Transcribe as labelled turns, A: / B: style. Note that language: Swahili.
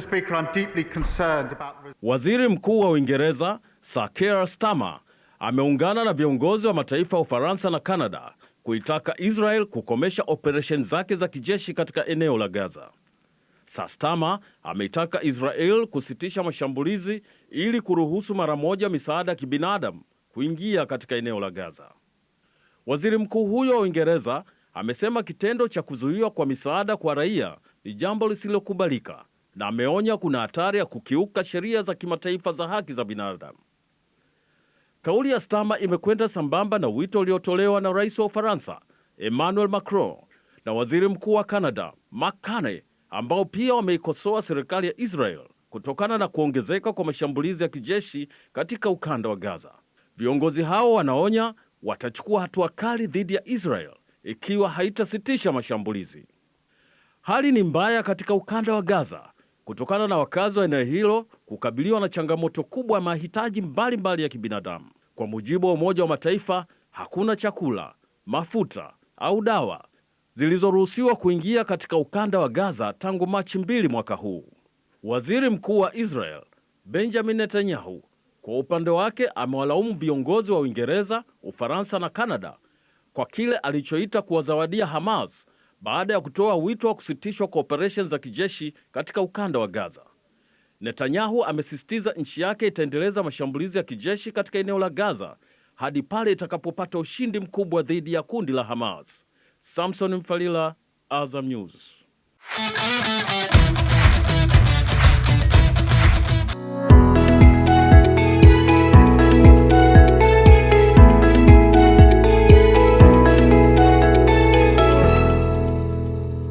A: Speaker, about... Waziri Mkuu wa Uingereza Sir Keir Starmer ameungana na viongozi wa mataifa ya Ufaransa na canada kuitaka Israel kukomesha operesheni zake za kijeshi katika eneo la Gaza. Sir Starmer ameitaka Israel kusitisha mashambulizi ili kuruhusu mara moja misaada ya kibinadamu kuingia katika eneo la Gaza. Waziri Mkuu huyo wa Uingereza amesema kitendo cha kuzuiwa kwa misaada kwa raia ni jambo lisilokubalika na ameonya kuna hatari ya kukiuka sheria za kimataifa za haki za binadamu. Kauli ya Stama imekwenda sambamba na wito uliotolewa na rais wa Ufaransa Emmanuel Macron na waziri mkuu wa Canada Mark Carney ambao pia wameikosoa serikali ya Israel kutokana na kuongezeka kwa mashambulizi ya kijeshi katika ukanda wa Gaza. Viongozi hao wanaonya watachukua hatua kali dhidi ya Israel ikiwa haitasitisha mashambulizi. Hali ni mbaya katika ukanda wa Gaza kutokana na wakazi wa eneo hilo kukabiliwa na changamoto kubwa ya mahitaji mbalimbali ya kibinadamu. Kwa mujibu wa Umoja wa Mataifa, hakuna chakula, mafuta au dawa zilizoruhusiwa kuingia katika ukanda wa Gaza tangu Machi mbili mwaka huu. Waziri Mkuu wa Israel Benjamin Netanyahu kwa upande wake amewalaumu viongozi wa Uingereza, Ufaransa na Kanada kwa kile alichoita kuwazawadia Hamas baada ya kutoa wito wa kusitishwa kwa operesheni za kijeshi katika ukanda wa Gaza. Netanyahu amesisitiza nchi yake itaendeleza mashambulizi ya kijeshi katika eneo la Gaza hadi pale itakapopata ushindi mkubwa dhidi ya kundi la Hamas. Samson Mfalila, Azam News.